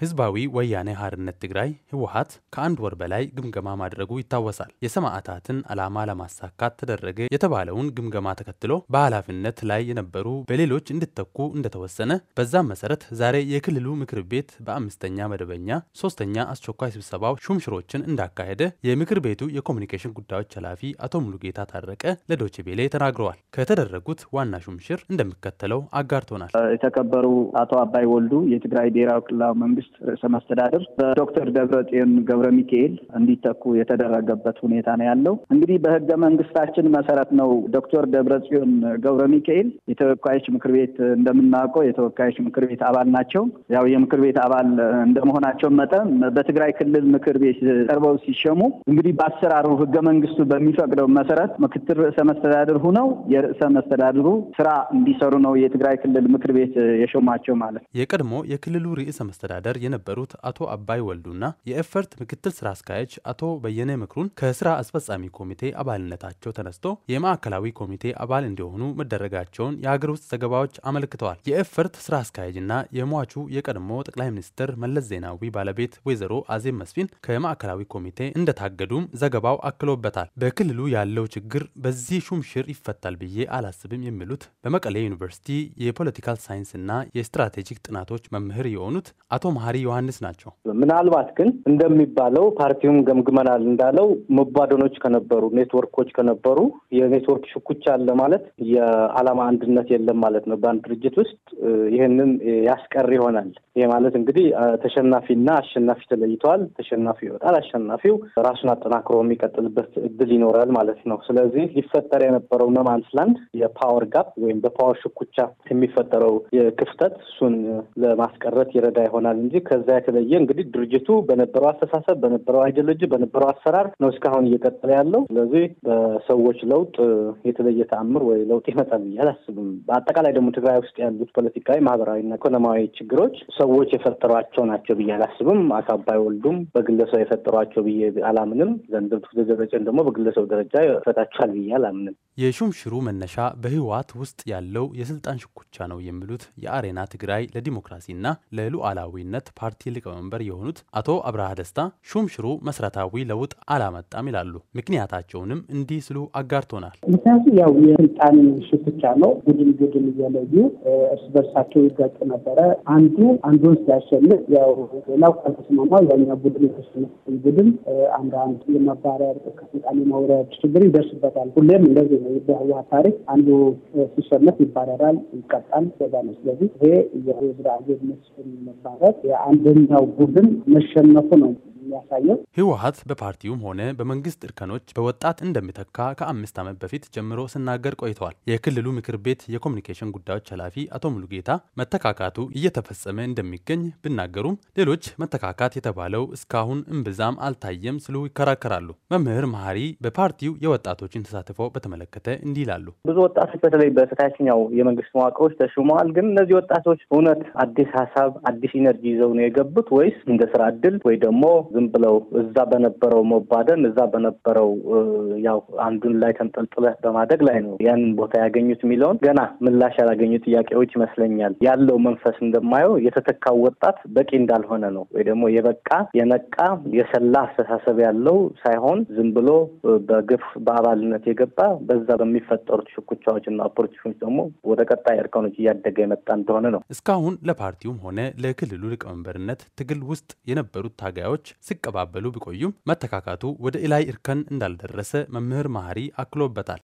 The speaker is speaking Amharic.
ህዝባዊ ወያኔ ሀርነት ትግራይ ህወሀት ከአንድ ወር በላይ ግምገማ ማድረጉ ይታወሳል። የሰማዕታትን ዓላማ ለማሳካት ተደረገ የተባለውን ግምገማ ተከትሎ በኃላፊነት ላይ የነበሩ በሌሎች እንዲተኩ እንደተወሰነ፣ በዛም መሰረት ዛሬ የክልሉ ምክር ቤት በአምስተኛ መደበኛ ሶስተኛ አስቸኳይ ስብሰባው ሹምሽሮችን እንዳካሄደ የምክር ቤቱ የኮሚኒኬሽን ጉዳዮች ኃላፊ አቶ ሙሉጌታ ታረቀ ለዶችቤሌ ተናግረዋል። ከተደረጉት ዋና ሹምሽር እንደሚከተለው አጋርቶናል። የተከበሩ አቶ አባይ ወልዱ የትግራይ ብሔራዊ ክልላዊ መንግስት መንግስት ርዕሰ መስተዳድር በዶክተር ደብረጽዮን ገብረ ሚካኤል እንዲተኩ የተደረገበት ሁኔታ ነው ያለው። እንግዲህ በህገ መንግስታችን መሰረት ነው ዶክተር ደብረጽዮን ገብረ ሚካኤል የተወካዮች ምክር ቤት እንደምናውቀው የተወካዮች ምክር ቤት አባል ናቸው። ያው የምክር ቤት አባል እንደመሆናቸው መጠን በትግራይ ክልል ምክር ቤት ቀርበው ሲሸሙ እንግዲህ በአሰራሩ ህገ መንግስቱ በሚፈቅደው መሰረት ምክትል ርዕሰ መስተዳድር ሁነው የርዕሰ መስተዳድሩ ስራ እንዲሰሩ ነው የትግራይ ክልል ምክር ቤት የሾማቸው ማለት ነው። የቀድሞ የክልሉ ርዕሰ መስተዳደር ዳይሬክተር የነበሩት አቶ አባይ ወልዱና የኤፈርት ምክትል ስራ አስኪያጅ አቶ በየነ ምክሩን ከስራ አስፈጻሚ ኮሚቴ አባልነታቸው ተነስቶ የማዕከላዊ ኮሚቴ አባል እንዲሆኑ መደረጋቸውን የሀገር ውስጥ ዘገባዎች አመልክተዋል። የኤፈርት ስራ አስኪያጅና የሟቹ የቀድሞ ጠቅላይ ሚኒስትር መለስ ዜናዊ ባለቤት ወይዘሮ አዜብ መስፊን ከማዕከላዊ ኮሚቴ እንደታገዱም ዘገባው አክሎበታል። በክልሉ ያለው ችግር በዚህ ሹምሽር ይፈታል ብዬ አላስብም የሚሉት በመቀሌ ዩኒቨርሲቲ የፖለቲካል ሳይንስና የስትራቴጂክ ጥናቶች መምህር የሆኑት አቶ መሀ መሀሪ ዮሐንስ ናቸው። ምናልባት ግን እንደሚባለው ፓርቲውም ገምግመናል እንዳለው መባደኖች ከነበሩ ኔትወርኮች ከነበሩ የኔትወርክ ሽኩቻ አለ ማለት የዓላማ አንድነት የለም ማለት ነው። በአንድ ድርጅት ውስጥ ይህንን ያስቀር ይሆናል። ይህ ማለት እንግዲህ ተሸናፊና አሸናፊ ተለይተዋል። ተሸናፊ ይወጣል፣ አሸናፊው ራሱን አጠናክሮ የሚቀጥልበት እድል ይኖራል ማለት ነው። ስለዚህ ሊፈጠር የነበረው ነማንስላንድ የፓወር ጋፕ ወይም በፓወር ሽኩቻ የሚፈጠረው ክፍተት እሱን ለማስቀረት ይረዳ ይሆናል እንጂ እንጂ ከዛ የተለየ እንግዲህ ድርጅቱ በነበረው አስተሳሰብ፣ በነበረው አይዲዮሎጂ፣ በነበረው አሰራር ነው እስካሁን እየቀጠለ ያለው። ስለዚህ በሰዎች ለውጥ የተለየ ተአምር ወይ ለውጥ ይመጣል ብዬ አላስብም። በአጠቃላይ ደግሞ ትግራይ ውስጥ ያሉት ፖለቲካዊ፣ ማህበራዊና ኢኮኖሚያዊ ችግሮች ሰዎች የፈጠሯቸው ናቸው ብዬ አላስብም። አካባይ ወልዱም በግለሰብ የፈጠሯቸው ብዬ አላምንም። ዘንድሮ ደረጀን ደግሞ በግለሰብ ደረጃ ይፈታቸዋል ብዬ አላምንም። የሹምሽሩ መነሻ በህወሓት ውስጥ ያለው የስልጣን ሽኩቻ ነው የሚሉት የአሬና ትግራይ ለዲሞክራሲና ለሉዓላዊነት የስምረት ፓርቲ ሊቀመንበር የሆኑት አቶ አብርሃ ደስታ ሹም ሽሩ መሰረታዊ ለውጥ አላመጣም ይላሉ። ምክንያታቸውንም እንዲህ ስሉ አጋርቶናል። ምክንያቱ ያው የስልጣን ሽኩቻ ነው። ቡድን ቡድን እየለዩ እርስ በርሳቸው ይጋጩ ነበረ። አንዱ አንዱን ሲያሸንፍ፣ ያው ሌላው ካልተስማማ ያኛው ቡድን የተሸነፈውን ቡድን አንድ አንድ የመባረር ከስልጣን የመውረድ ችግር ይደርስበታል። ሁሌም እንደዚህ ነው። በህወሓት ታሪክ አንዱ ሲሸነፍ ይባረራል፣ ይቀጣል። በዛ ነው። ስለዚህ ይሄ የህዝብ አዜብ መስፍን መባረር የአንደኛው ቡድን መሸነፉ ነው። የሚያሳየው። ህወሀት በፓርቲውም ሆነ በመንግስት እርከኖች በወጣት እንደሚተካ ከአምስት ዓመት በፊት ጀምሮ ስናገር ቆይተዋል። የክልሉ ምክር ቤት የኮሚኒኬሽን ጉዳዮች ኃላፊ አቶ ሙሉጌታ መተካካቱ እየተፈጸመ እንደሚገኝ ቢናገሩም ሌሎች መተካካት የተባለው እስካሁን እምብዛም አልታየም ስሉ ይከራከራሉ። መምህር መሀሪ በፓርቲው የወጣቶችን ተሳትፎ በተመለከተ እንዲህ ይላሉ። ብዙ ወጣቶች በተለይ በታችኛው የመንግስት መዋቅሮች ተሹመዋል። ግን እነዚህ ወጣቶች እውነት አዲስ ሀሳብ፣ አዲስ ኢነርጂ ይዘው ነው የገቡት ወይስ እንደ ስራ እድል ወይ ደግሞ ዝም ብለው እዛ በነበረው መባደን እዛ በነበረው ያው አንዱን ላይ ተንጠልጥለህ በማደግ ላይ ነው ያንን ቦታ ያገኙት የሚለውን ገና ምላሽ ያላገኙ ጥያቄዎች ይመስለኛል። ያለው መንፈስ እንደማየው የተተካው ወጣት በቂ እንዳልሆነ ነው ወይ ደግሞ የበቃ የነቃ የሰላ አስተሳሰብ ያለው ሳይሆን ዝም ብሎ በግፍ በአባልነት የገባ በዛ በሚፈጠሩት ሽኩቻዎች እና ኦፖርቹኒቲዎች ደግሞ ወደ ቀጣይ እርከኖች እያደገ የመጣ እንደሆነ ነው። እስካሁን ለፓርቲውም ሆነ ለክልሉ ሊቀመንበርነት ትግል ውስጥ የነበሩት ታጋዮች ሲቀባበሉ ቢቆዩም መተካካቱ ወደ ኢላይ እርከን እንዳልደረሰ መምህር መሀሪ አክሎበታል።